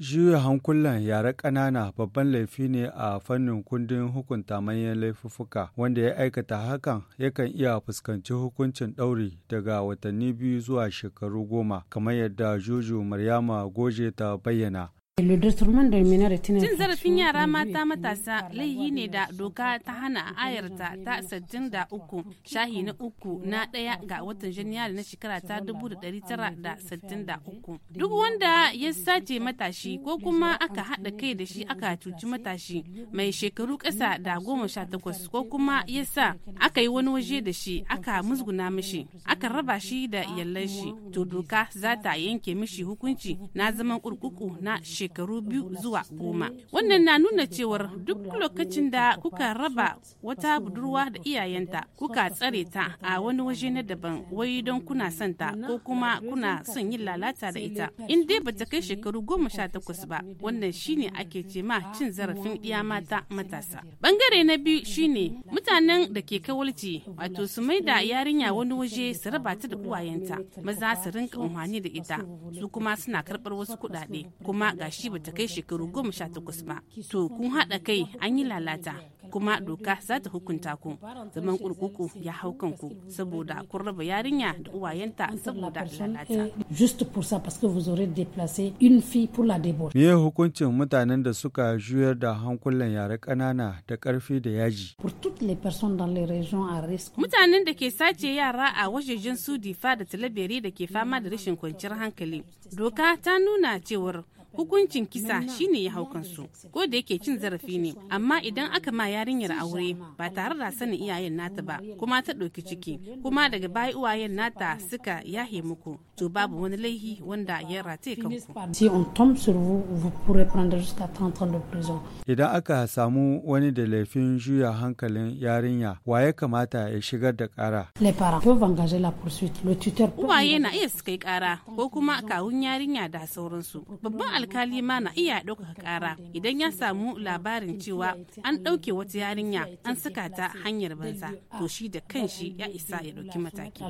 Juya hankulan yara ƙanana babban laifi ne a fannin kundin hukunta manyan laifuffuka wanda ya aikata hakan yakan iya fuskanci hukuncin ɗauri daga watanni biyu zuwa shekaru goma kamar yadda Juju Maryama Goje ta bayyana. Cin zarafin yara mata matasa laifi ne da doka ta hana a ayarta ta sattin da uku shahi na uku na ɗaya ga watan janiyar na shekara ta dubu da dari tara da sattin da uku. Duk wanda ya sace matashi ko kuma aka haɗa kai da shi aka cuci matashi mai shekaru ƙasa da goma sha takwas ko kuma ya sa aka yi wani waje da shi aka musguna mishi aka raba shi da yallan shi to doka za ta yanke mishi hukunci na zaman kurkuku na shekaru. shekaru biyu zuwa goma wannan na nuna cewar duk lokacin da kuka raba wata budurwa da iyayenta kuka tsare ta a wani waje na daban wai don kuna son ta ko kuma kuna son yin lalata da ita in dai bata kai shekaru goma sha takwas ba wannan shine ake ce ma cin zarafin iya mata matasa bangare na biyu shine mutanen da ke kawalci wato su mai da yarinya wani waje su raba ta da uwayenta maza su rinka umarni da ita su kuma suna karɓar wasu kuɗaɗe kuma gashi shi ta kai shekaru goma sha takwas ba to kun haɗa kai an yi lalata kuma doka za ta hukunta ku zaman kurkuku ya hau kanku saboda kun raba yarinya da uwayenta saboda lalata me hukuncin mutanen da suka juyar da hankulan yare ƙanana da ƙarfi da yaji mutanen da ke sace yara a wajejen su difa da talabere da ke fama da rashin kwanciyar hankali doka ta nuna cewar hukuncin kisa shine ya hau kansu ko da yake cin zarafi ne amma idan aka ma yarinyar aure ba tare da sanin iyayen nata ba kuma ta ɗauki ciki kuma daga baya uwayen nata suka yahe muku to babu wani laihi wanda ya rataye kanku idan aka samu wani da laifin juya hankalin yarinya wa ya kamata ya shigar da kara uwaye na iya suka yi kara ko kuma kawun yarinya da sauransu babban alkali ma na iya ɗaukaka ƙara idan ya samu labarin cewa an ɗauke wata yarinya an saka ta hanyar banza to shi da kanshi ya isa ya ɗauki mataki.